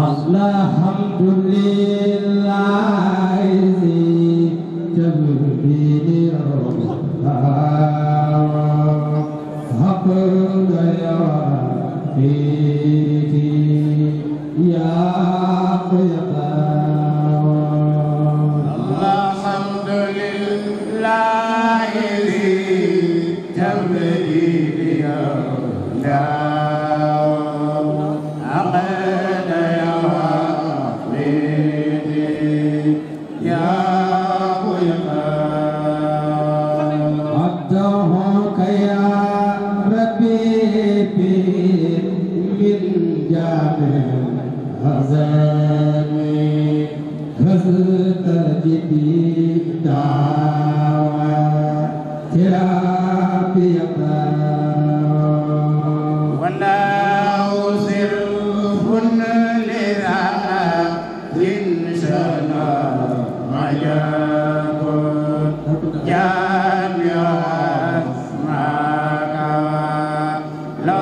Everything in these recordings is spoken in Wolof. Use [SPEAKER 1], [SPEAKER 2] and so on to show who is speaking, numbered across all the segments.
[SPEAKER 1] الحمد لله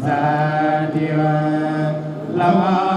[SPEAKER 1] sadiwa lama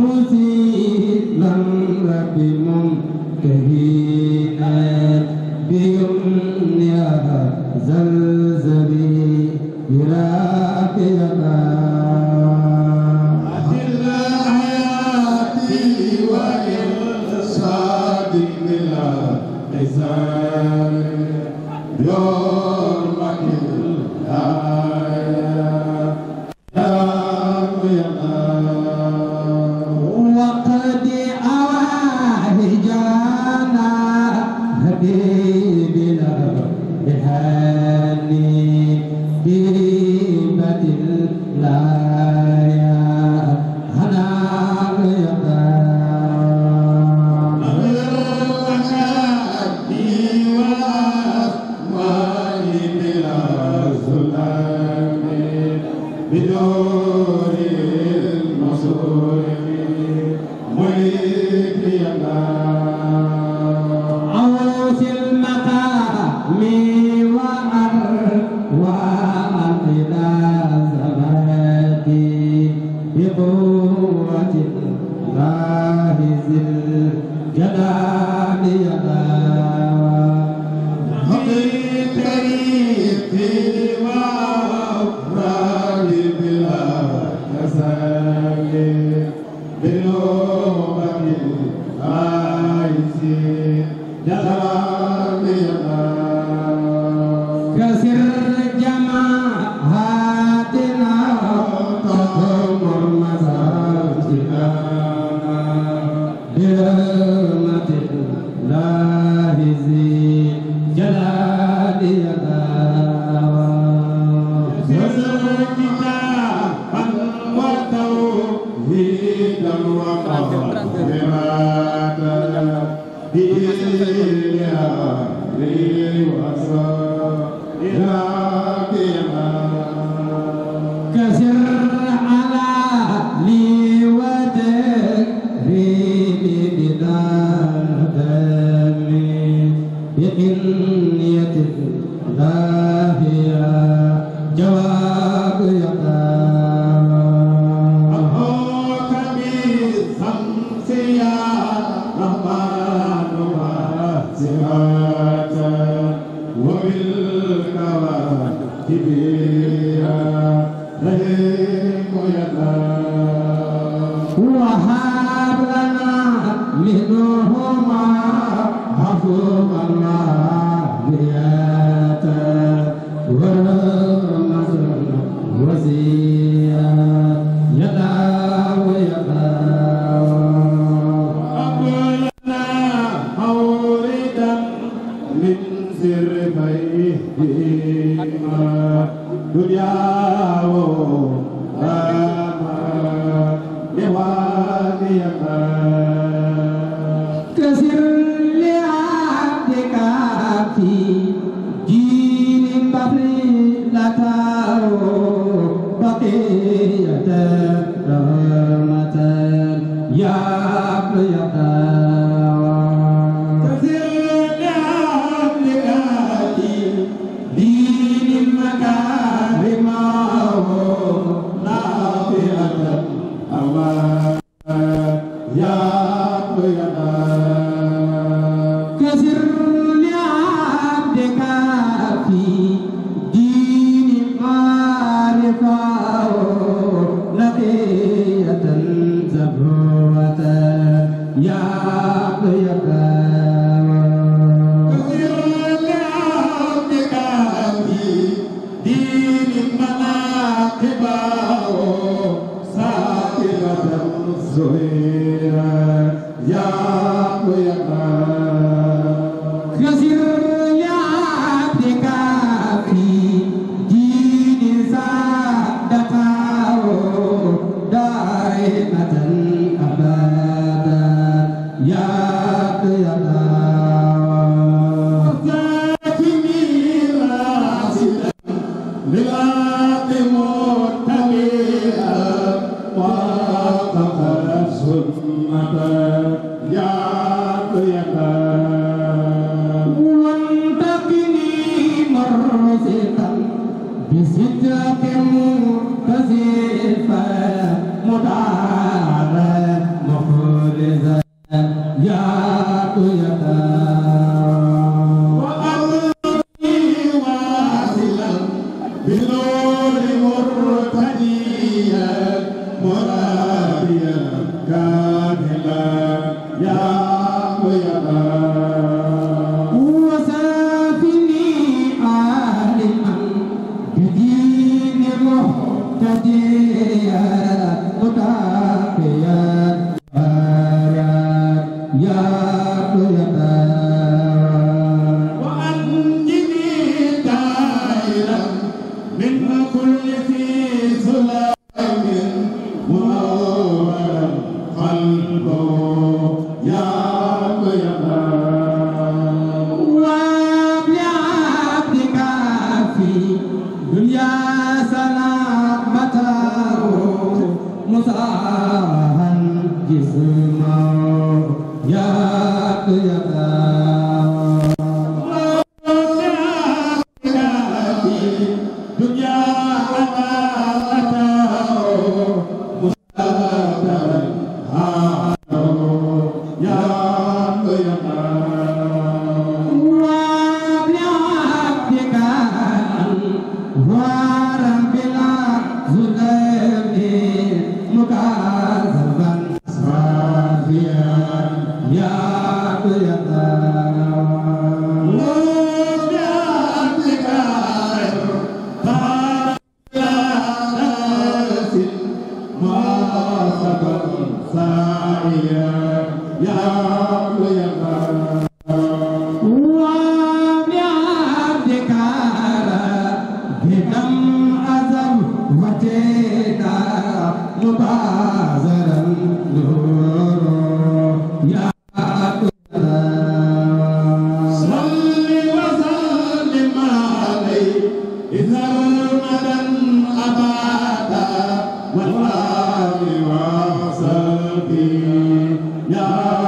[SPEAKER 1] musilan rabbi دين مكارم moo tax yàlla yaa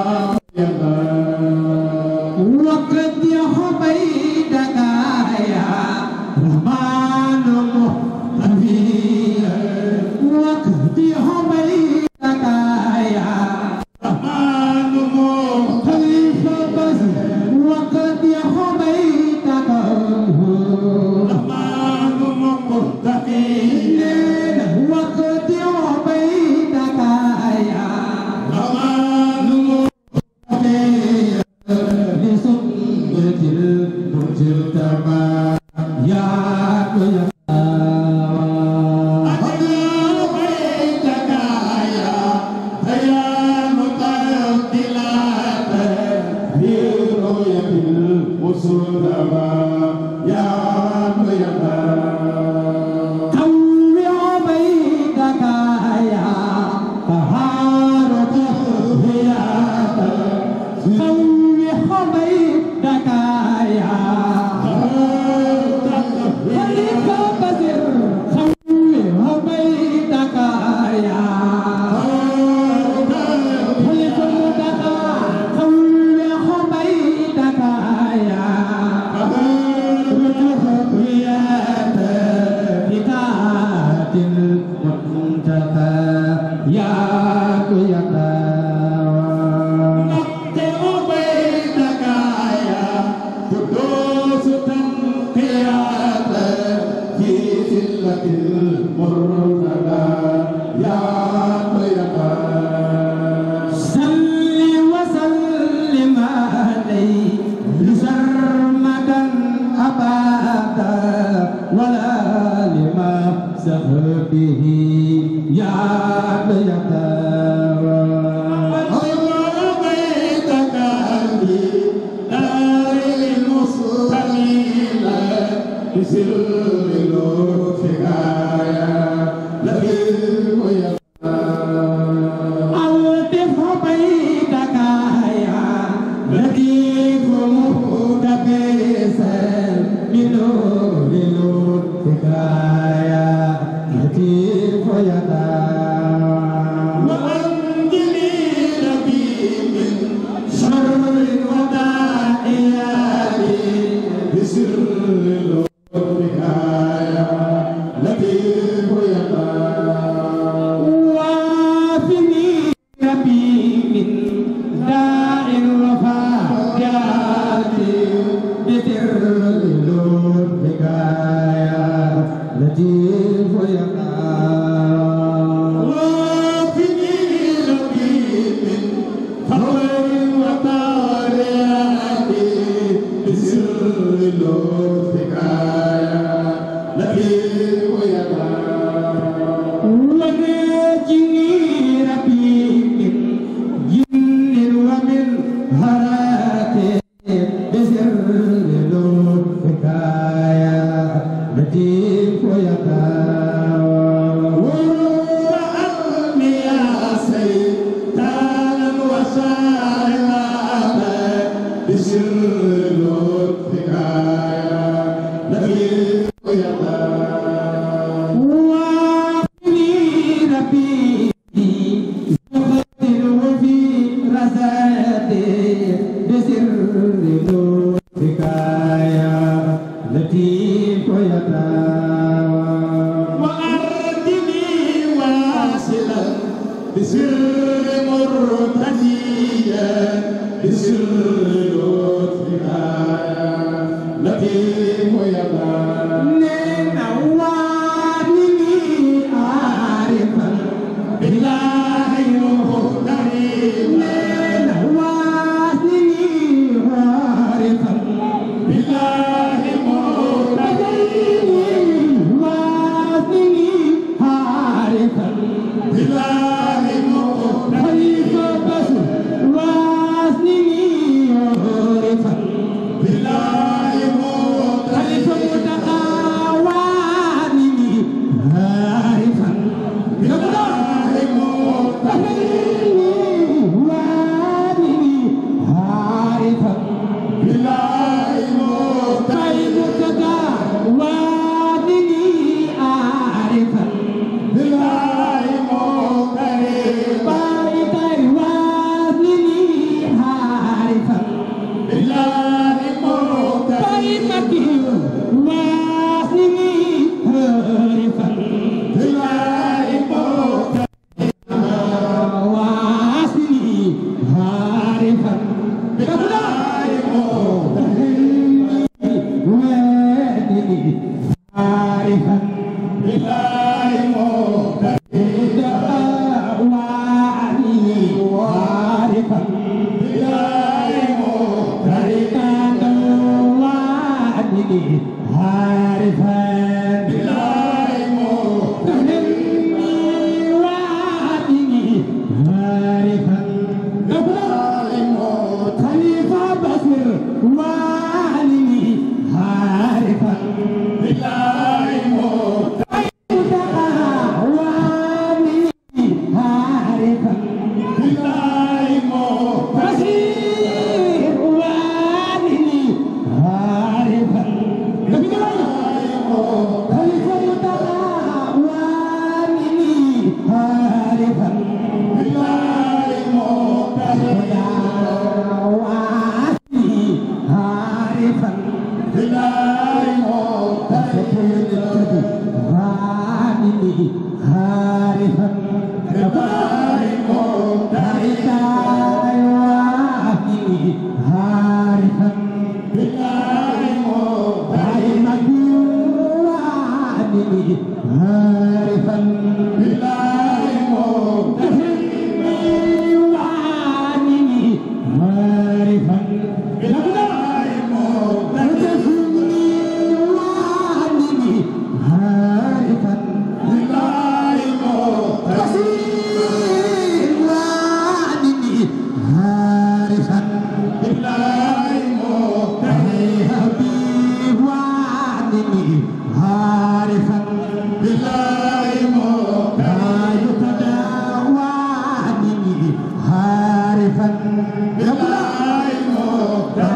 [SPEAKER 1] ya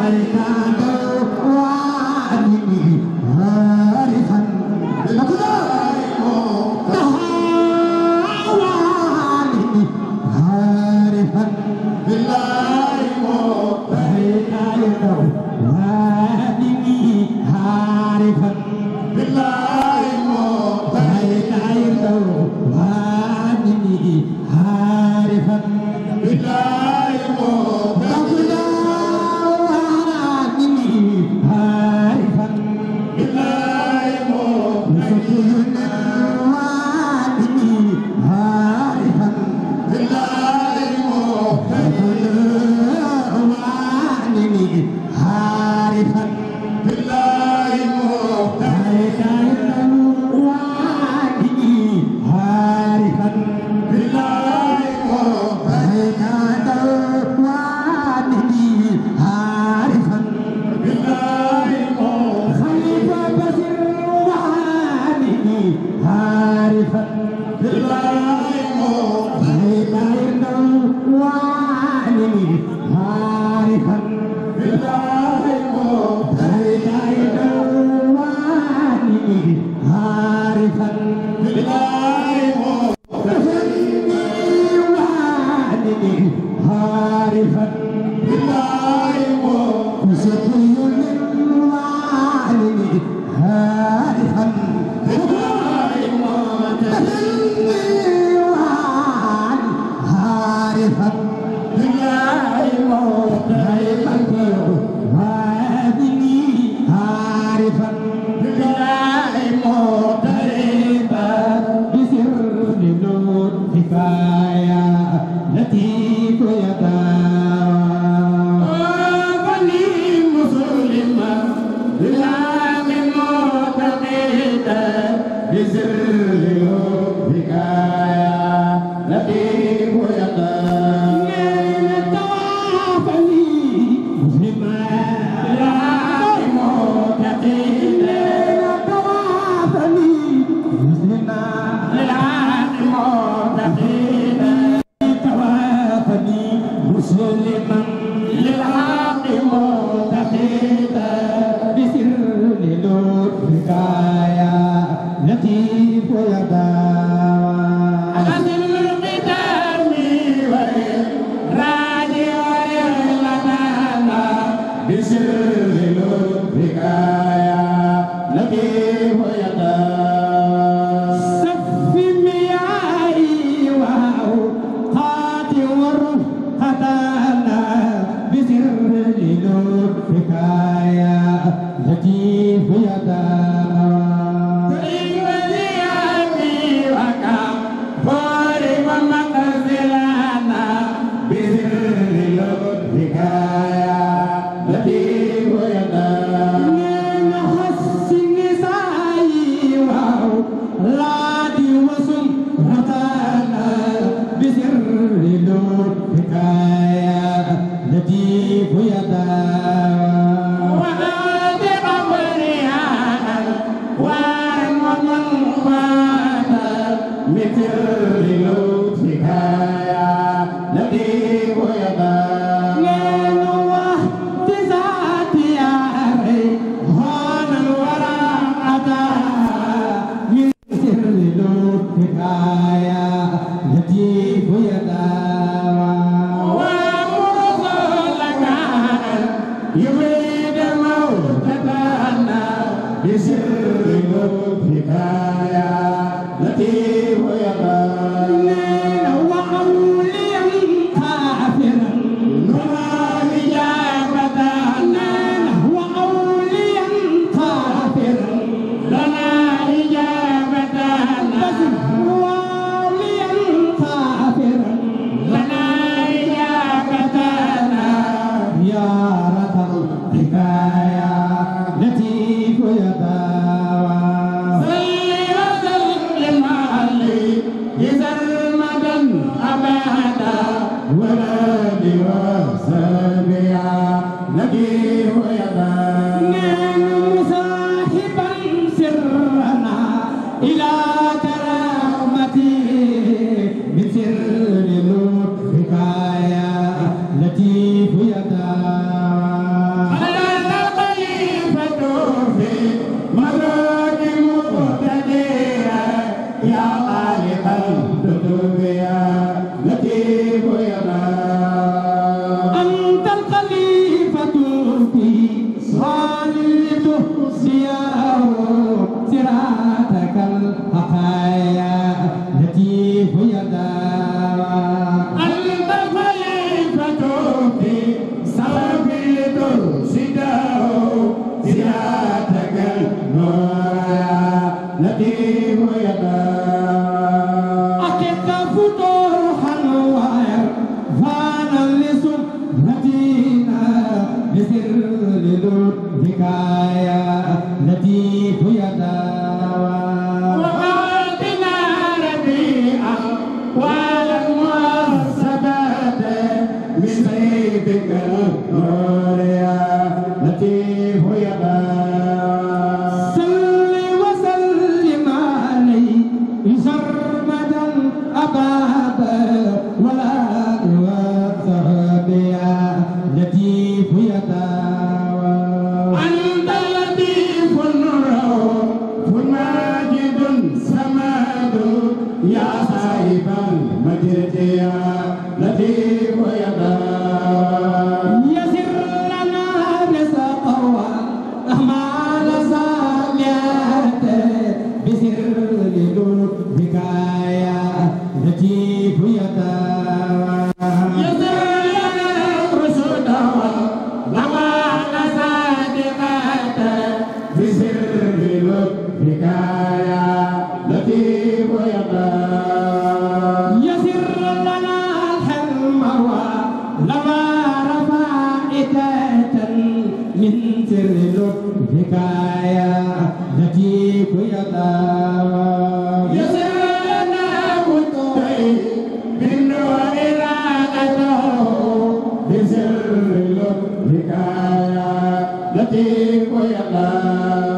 [SPEAKER 1] alta لك الحكاية التي قيلت